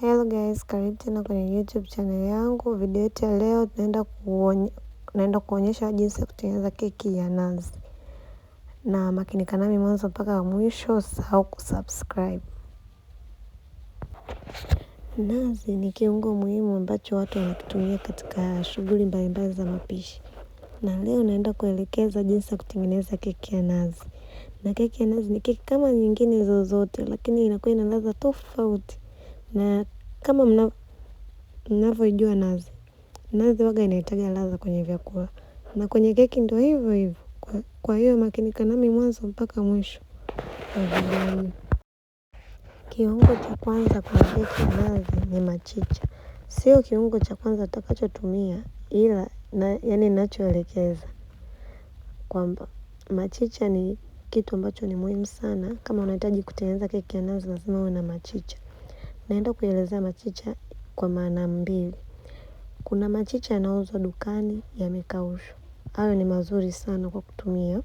Hello guys, karibu tena kwenye YouTube channel yangu. Video yetu ya leo tunaenda kuonye, naenda kuonyesha jinsi ya kutengeneza keki ya nazi, na makinika nami mwanzo mpaka mwisho. Usahau kusubscribe. Nazi ni kiungo muhimu ambacho watu wanakitumia katika shughuli mbalimbali za mapishi, na leo naenda kuelekeza jinsi ya kutengeneza keki ya nazi. Na keki ya nazi ni keki kama nyingine zozote, lakini inakuwa ina ladha tofauti na kama mnavyojua nazi, nazi waga inahitaga ladha kwenye vyakula na kwenye keki ndio hivyo hivyo. Kwa hiyo makinika nami mwanzo mpaka mwisho Kiungo cha kwanza kwa keki ya nazi ni machicha. Sio kiungo cha kwanza utakachotumia, ila na, yani nachoelekeza kwamba machicha ni kitu ambacho ni muhimu sana. Kama unahitaji kutengeneza keki ya nazi, lazima uwe na machicha. Naenda kuelezea machicha kwa maana mbili. Kuna machicha yanauzwa dukani yamekaushwa. Hayo ni mazuri sana kwa kutumia.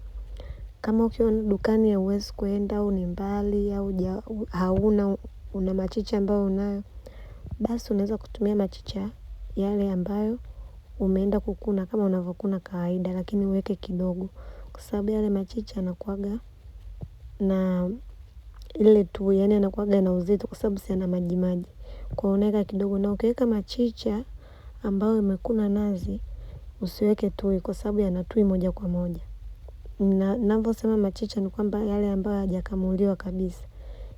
Kama ukiwa dukani hauwezi kuenda au ni mbali au hauna una machicha ambayo unayo. Basi unaweza kutumia machicha yale ambayo umeenda kukuna kama unavokuna kawaida lakini uweke kidogo. Kwa sababu yale machicha yanakuaga na ile tu, yani anakuaga na uzito kwa sababu si ana maji maji. Kwa hiyo unaweka kidogo, na ukiweka machicha ambayo imekuna nazi usiweke tui kwa sababu yana tui moja kwa moja. Ninavyosema machicha ni kwamba yale ambayo hayajakamuliwa kabisa.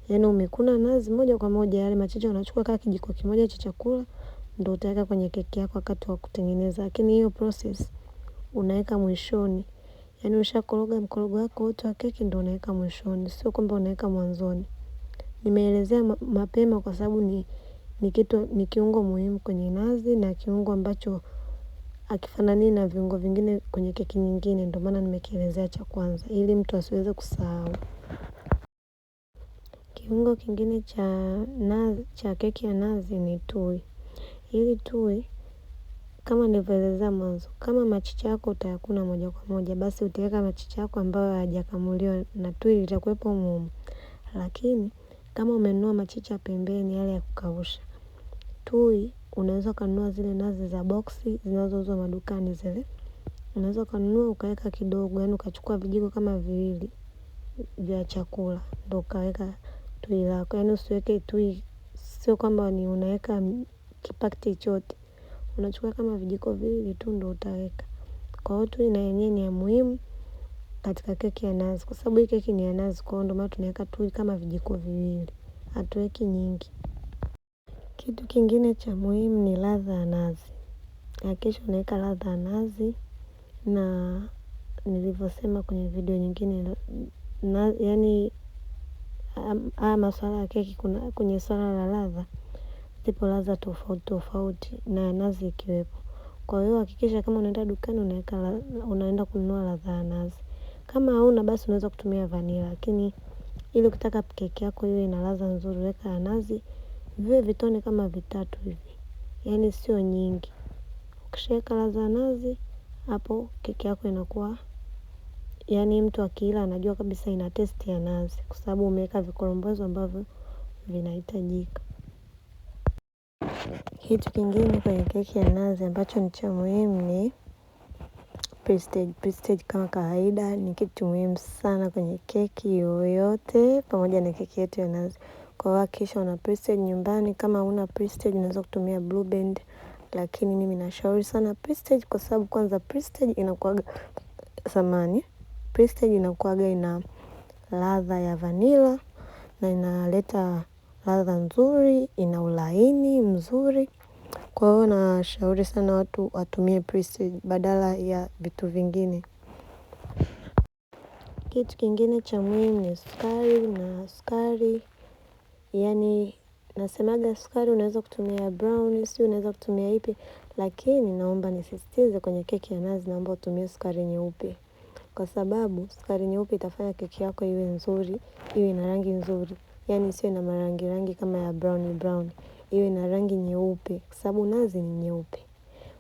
Yaani umekuna nazi moja kwa moja yale machicha unachukua kama kijiko kimoja cha chakula ndio utaweka kwenye keki yako wakati wa kutengeneza. Lakini hiyo process unaweka mwishoni yaani ushakoroga mkorogo wako wote wa keki ndio unaweka mwishoni, sio kwamba unaweka mwanzoni. Nimeelezea mapema kwa sababu ni ni kitu ni kiungo muhimu kwenye nazi na kiungo ambacho akifanani na viungo vingine kwenye keki nyingine ndio maana nimekielezea cha kwanza ili mtu asiweze kusahau. Kiungo kingine cha nazi cha keki ya nazi ni tui. ili tui kama nilivyoelezea mwanzo, kama machicha yako utayakuna moja kwa moja, basi utaweka machicha yako ambayo hayajakamuliwa na tui litakuwepo mumu. Lakini, kama umenunua machicha pembeni yale ya kukausha, tui unaweza ukanunua zile nazi za boksi, zinazouzwa madukani zile. Unaweza ukanunua ukaweka kidogo, yani ukachukua vijiko kama viwili vya chakula, ndo ukaweka tui lako, Yani usiweke tui, sio kwamba ni unaweka kipakiti chote unachukua kama vijiko viwili tu ndo utaweka. Kwa hiyo tui na yenyewe ni ya muhimu katika keki ya nazi, kwa sababu hii keki ni ya nazi, kwa hiyo ndo maana tunaweka tui kama vijiko viwili, hatuweki nyingi. Kitu kingine cha muhimu ni ladha ya nazi, hakikisha unaweka ladha ya nazi na nilivyosema kwenye video nyingine na, yani haya masuala ya keki kuna kwenye swala la ladha zipo ladha tofauti tofauti na nazi ikiwepo. Kwa hiyo hakikisha kama unaenda dukani unaweka unaenda kununua ladha ya nazi. Kama hauna basi unaweza kutumia vanila, lakini ili ukitaka keki yako iwe ina ladha nzuri weka ya nazi viwe vitone kama vitatu hivi. Yaani sio nyingi. Ukishaweka ladha ya nazi hapo keki yako inakuwa yaani mtu akiila anajua kabisa ina testi ya nazi kwa sababu umeweka vikorombozo ambavyo vinahitajika. Kitu kingine kwenye keki ya nazi ambacho ni cha muhimu ni prestige. Prestige kama kawaida ni kitu muhimu sana kwenye keki yoyote, pamoja na keki yetu ya nazi. Kwa hiyo hakikisha una prestige nyumbani, kama una prestige unaweza kutumia blue band, lakini mimi nashauri sana prestige kwa sababu kwanza prestige inakuaga samani, prestige inakuaga ina ladha ya vanilla na inaleta ladha nzuri, ina ulaini mzuri. Kwa hiyo nashauri sana watu watumie Prestige badala ya vitu vingine. Kitu kingine cha muhimu ni sukari na sukari, yani nasemaga sukari unaweza kutumia brown, si unaweza kutumia ipi, lakini naomba nisisitize kwenye keki ya nazi, naomba utumie sukari nyeupe, kwa sababu sukari nyeupe itafanya keki yako iwe nzuri, iwe na rangi nzuri yani isiwe na marangi rangi kama ya brown brown. Iwe na rangi nyeupe kwa sababu nazi ni nyeupe.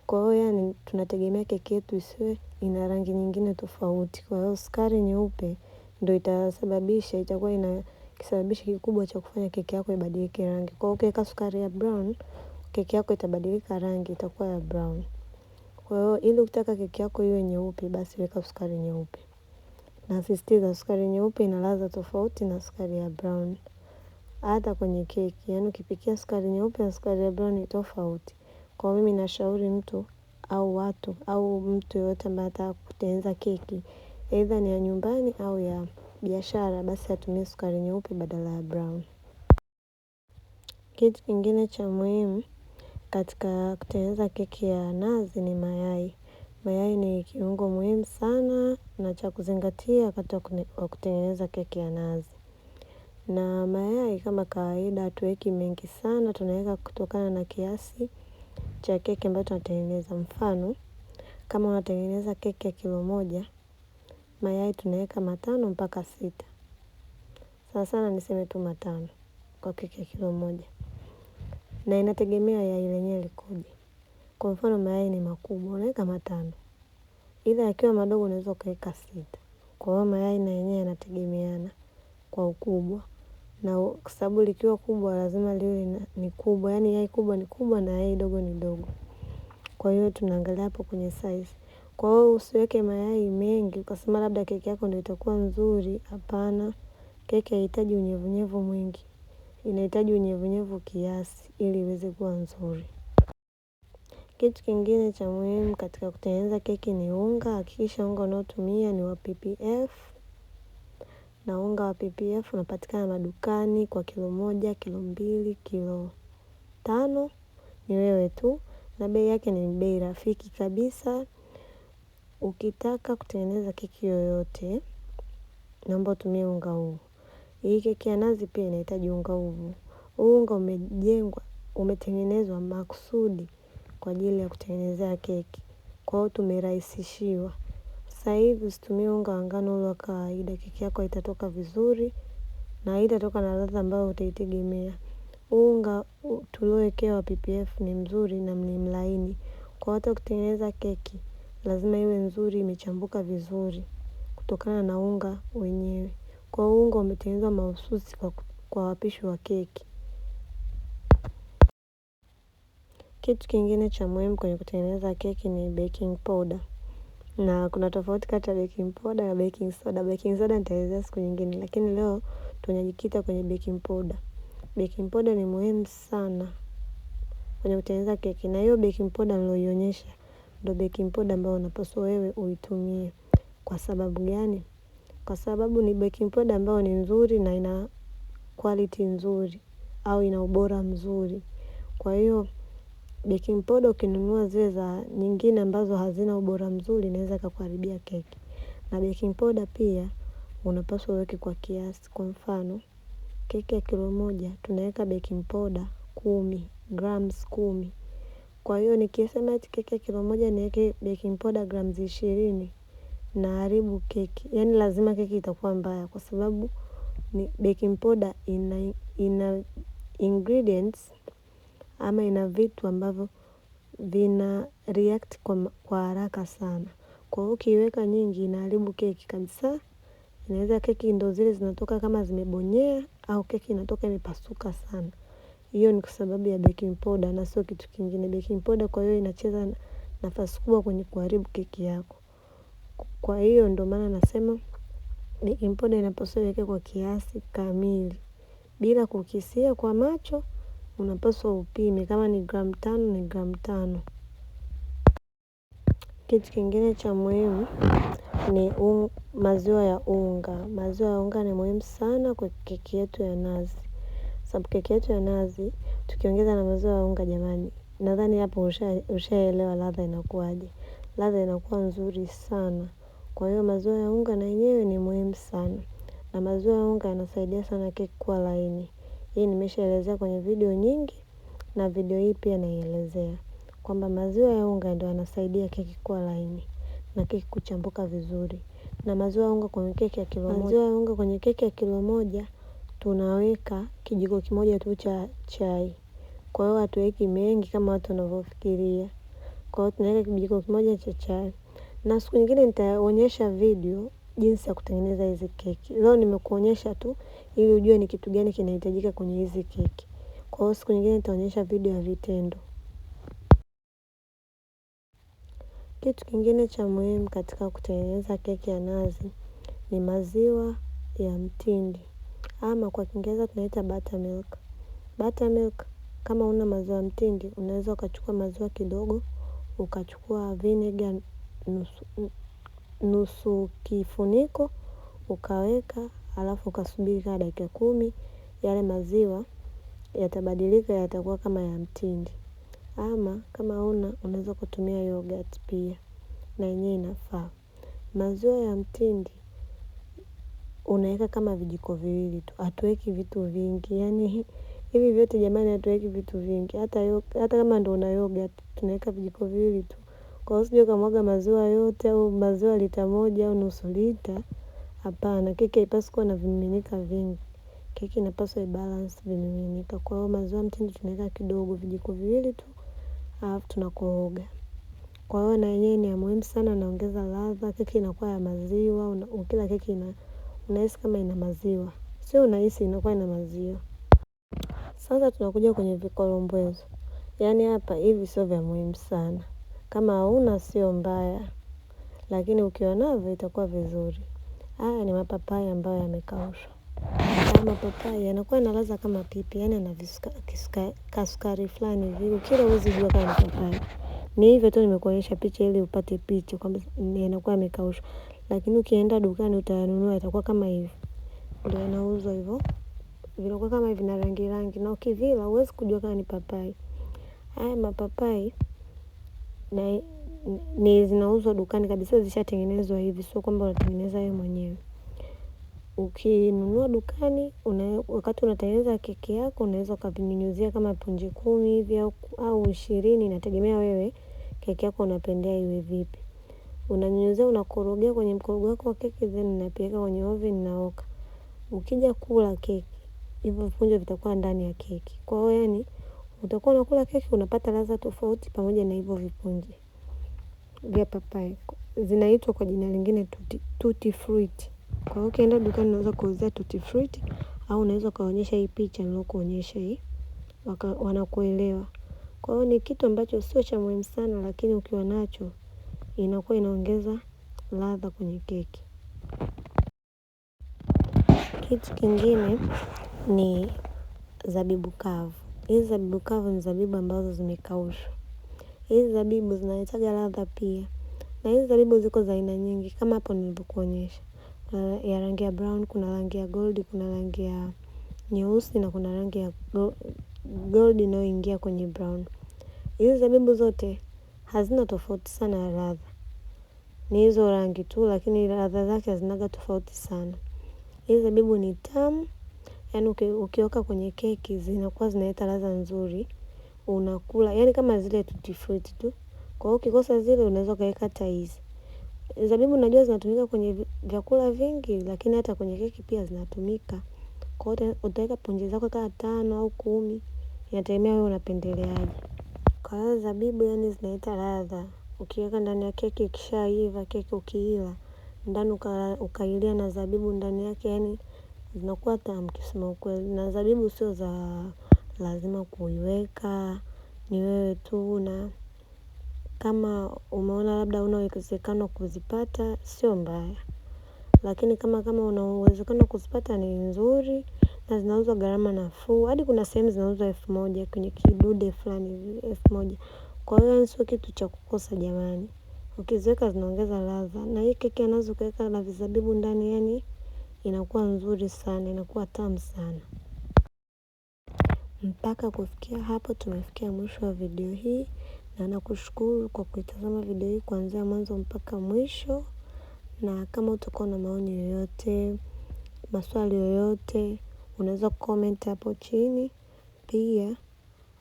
Kwa hiyo yani tunategemea keki yetu isiwe ina rangi nyingine tofauti. Kwa hiyo sukari nyeupe ndio itasababisha itakuwa ina kisababishi kikubwa cha kufanya keki yako ibadilike rangi. Kwa hiyo ukiweka sukari ya brown keki yako itabadilika rangi itakuwa ya brown. Kwa hiyo ili ukitaka keki yako iwe nyeupe basi weka sukari nyeupe. Nasisitiza sukari nyeupe ina ladha tofauti na sukari ya brown hata kwenye keki. Yaani ukipikia sukari nyeupe na sukari ya brown ni tofauti. Kwa mimi nashauri mtu au watu au mtu yoyote ambaye anataka kutengeneza keki either ni ya nyumbani au ya biashara basi atumie sukari nyeupe badala ya brown. Kitu kingine cha muhimu katika kutengeneza keki ya nazi ni mayai. Mayai ni kiungo muhimu sana na cha kuzingatia wakati wa kutengeneza keki ya nazi na mayai kama kawaida hatuweki mengi sana, tunaweka kutokana na kiasi cha keki ambayo tunatengeneza. Mfano, kama unatengeneza keki ya kilo moja, mayai tunaweka matano mpaka sita. Sana sana niseme tu matano kwa keki ya kilo moja, na inategemea yai lenyewe likoje. Kwa mfano mayai ni makubwa, unaweka matano, ila yakiwa madogo unaweza ukaweka sita. Kwa hiyo mayai na yenyewe yanategemeana kwa ukubwa na kwa sababu likiwa kubwa lazima liwe ni kubwa, yaani yai kubwa ni kubwa na yai dogo ni dogo. Kwa hiyo tunaangalia hapo kwenye size. Kwa hiyo usiweke mayai mengi, ukasema labda keki yako ndio itakuwa nzuri, hapana. Keki haihitaji unyevunyevu mwingi. Inahitaji unyevunyevu kiasi ili iweze kuwa nzuri. Kitu kingine cha muhimu katika kutengeneza keki ni unga, hakikisha unga unaotumia ni wa PPF na unga wa PPF unapatikana madukani kwa kilo moja, kilo mbili, kilo tano. Ni wewe tu, na bei yake ni bei rafiki kabisa. Ukitaka kutengeneza keki yoyote, naomba utumie unga huu. Hii keki ya nazi pia inahitaji unga huu. Huu unga umejengwa, umetengenezwa makusudi kwa ajili ya kutengenezea keki. Kwa hiyo tumerahisishiwa. Sasa hivi usitumie unga wa ngano ule wa kawaida, keki yako itatoka vizuri na itatoka na ladha ambayo utaitegemea. Unga tuliowekewa PPF ni mzuri na ni mlaini, kwa hata kutengeneza keki lazima iwe nzuri imechambuka vizuri kutokana na unga wenyewe. Kwa unga umetengenezwa mahususi kwa wapishi wa keki. Kitu kingine cha muhimu kwenye kutengeneza keki ni baking powder na kuna tofauti kati ya baking powder na baking soda. Baking soda nitaelezea siku nyingine, lakini leo tunajikita kwenye baking powder. Baking powder ni muhimu sana kwenye kutengeneza keki, na hiyo baking powder niloionyesha ndio baking powder ambayo unapaswa wewe uitumie. Kwa sababu gani? Kwa sababu ni baking powder ambayo ni nzuri na ina quality nzuri au ina ubora mzuri, kwa hiyo baking powder ukinunua zile za nyingine ambazo hazina ubora mzuri inaweza ikakuharibia keki. Na baking powder pia unapaswa uweke kwa kiasi. Kwa mfano keki ya kilo moja tunaweka baking powder kumi grams kumi. Kwa hiyo nikisema eti keki ya kilo moja niweke baking powder grams ishirini naharibu keki, yaani lazima keki itakuwa mbaya kwa sababu ni baking powder ina ina ingredients ama ina vitu ambavyo vina react kwa haraka sana. Kwa hiyo ukiweka nyingi inaharibu keki kabisa. Inaweza keki ndo zile zinatoka kama zimebonyea au keki inatoka imepasuka sana. Hiyo ni kwa sababu ya baking powder na sio kitu kingine. Baking powder kwa hiyo inacheza nafasi kubwa kwenye kuharibu keki yako. Kwa hiyo ndo maana nasema baking powder inapaswa iwekwe kwa kiasi kamili bila kukisia kwa macho unapaswa upime, kama ni gramu tano ni gramu tano. Kitu kingine cha muhimu ni un, um, maziwa ya unga. Maziwa ya unga ni muhimu sana kwa keki yetu ya nazi, sababu keki yetu ya nazi tukiongeza na maziwa ya unga, jamani, nadhani hapo ushaelewa ladha inakuwaje. Ladha inakuwa nzuri sana. Kwa hiyo maziwa ya unga na yenyewe ni muhimu sana, na maziwa ya unga yanasaidia sana keki kuwa laini. Hii nimeshaelezea kwenye video nyingi na video hii pia naielezea kwamba maziwa ya unga ndio yanasaidia keki kuwa laini na keki kuchambuka vizuri. Na maziwa ya unga kwenye keki ya kilo moja, maziwa ya unga kwenye keki ya kilo moja tunaweka kijiko kimoja tu cha chai. Kwa hiyo hatuweki mengi kama watu wanavyofikiria. Kwa hiyo tunaweka kijiko kimoja cha chai, na siku nyingine nitaonyesha video jinsi ya kutengeneza hizi keki. Leo nimekuonyesha tu ili ujue ni kitu gani kinahitajika kwenye hizi keki. Kwa hiyo siku nyingine nitaonyesha video ya vitendo. Kitu kingine cha muhimu katika kutengeneza keki ya nazi ni maziwa ya mtindi ama kwa Kiingereza tunaita buttermilk. Buttermilk kama una maziwa mtindi, unaweza ukachukua maziwa kidogo, ukachukua vinegar nusu nusu kifuniko ukaweka, alafu ukasubiri kama dakika kumi, yale maziwa yatabadilika, yatakuwa kama ya mtindi. Ama kama una unaweza kutumia yogurt pia, na yenyewe inafaa. Maziwa ya mtindi unaweka kama vijiko viwili tu, hatuweki vitu vingi. Yani hivi vyote jamani, hatuweki vitu vingi, hata hata kama ndo una yogurt tunaweka vijiko viwili tu. Kwa hiyo usije ukamwaga maziwa yote au maziwa lita moja au nusu lita. Hapana, keki haipaswi kuwa na vimiminika vingi. Keki inapaswa ibalance vimiminika. Kwa hiyo maziwa mtindi tunaweka kidogo vijiko viwili tu, alafu tunakoroga. Kwa hiyo na yenyewe ni ya muhimu sana, naongeza ladha, keki inakuwa ya maziwa, ukila keki ina unahisi kama ina maziwa. Sio unahisi inakuwa ina maziwa. Sasa tunakuja kwenye vikorombwezo. Yaani hapa hivi sio vya muhimu sana. Kama hauna sio mbaya, lakini ukiwa navyo itakuwa vizuri. Haya ni mapapai ambayo yamekaushwa. Haya mapapai yanakuwa na ladha kama pipi, yani ana kasukari fulani hivi, ukila huwezi jua kama ni papai. Ni hivyo tu nimekuonyesha picha ili upate picha kwamba yanakuwa yamekaushwa. Lakini ukienda dukani utayanunua itakuwa kama hivi. Ndio yanauzwa hivyo. Vinakuwa kama vina rangi rangi na ukivila huwezi kujua kama ni papai. Haya mapapai na ni zinauzwa dukani kabisa, zishatengenezwa hivi, sio kwamba unatengeneza wewe mwenyewe. Ukinunua dukani una, wakati unatengeneza keki yako unaweza ukavinyunyuzia kama punje kumi hivi au, ishirini inategemea wewe keki yako unapendea iwe vipi. Unanyunyuzia, unakorogea kwenye mkorogo wako wa keki then unapeleka kwenye oven naoka. Ukija kula keki hivyo vivunjo vitakuwa ndani ya keki. Kwa hiyo yaani utakuwa unakula keki unapata ladha tofauti pamoja na hivyo vipunje vya papai, zinaitwa kwa jina lingine tuti, tuti fruit. Kwa hiyo ukienda dukani unaweza kuuzia tuti fruit au unaweza ukaonyesha hii picha nilokuonyesha hii, wanakuelewa. Kwa hiyo ni kitu ambacho sio cha muhimu sana, lakini ukiwa nacho inakuwa inaongeza ladha kwenye keki. Kitu kingine ni zabibu kavu. Hizi zabibu kavu ni zabibu ambazo zimekaushwa. Hizi zabibu zinaletaga ladha pia, na hizi zabibu ziko za aina nyingi kama hapo nilivyokuonyesha, ya rangi ya brown, kuna rangi ya gold, kuna rangi ya nyeusi na kuna rangi ya gold inayoingia kwenye brown. Hizi zabibu zote hazina tofauti sana ya ladha, ni hizo rangi tu, lakini ladha zake hazinaga tofauti sana. Hizi zabibu ni tamu yani ukiweka kwenye keki zinakuwa zinaleta ladha nzuri, unakula yani kama zile tutti frutti tu. Kwa hiyo ukikosa zile unaweza ukaweka hata hizi. Zabibu najua zinatumika kwenye vyakula vingi, lakini hata kwenye keki pia zinatumika. Kwa hiyo utaweka punje zako kama tano au kumi, inategemea wewe unapendeleaje. Kwa hiyo zabibu yani zinaleta ladha, ukiweka ndani ya keki ikishaiva keki ukiila, ndani ukailia na zabibu ndani yake yani zinakuwa tamu kusema ukweli, na zabibu sio za lazima kuiweka ni wewe tu na kama umeona labda una uwezekano kuzipata sio mbaya, lakini kama kama una uwezekano kuzipata ni nzuri na zinauzwa gharama nafuu, hadi kuna sehemu zinauzwa elfu moja kwenye kidude fulani elfu moja. Kwa hiyo sio kitu cha kukosa jamani, ukiziweka zinaongeza ladha na hii keki anaweza ukaweka na vizabibu ndani yani inakuwa nzuri sana, inakuwa tamu sana. Mpaka kufikia hapo, tumefikia mwisho wa video hii, na nakushukuru kwa kuitazama video hii kuanzia mwanzo mpaka mwisho. Na kama utakuwa na maoni yoyote, maswali yoyote, unaweza comment hapo chini. Pia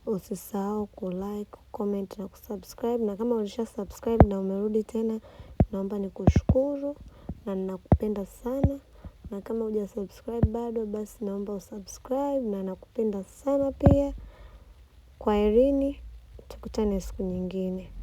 usisahau like, comment na kusubscribe, na kama ulisha subscribe na umerudi tena, naomba nikushukuru na ninakupenda sana na kama uja subscribe bado, basi naomba usubscribe, na nakupenda sana pia. Kwaherini, tukutane siku nyingine.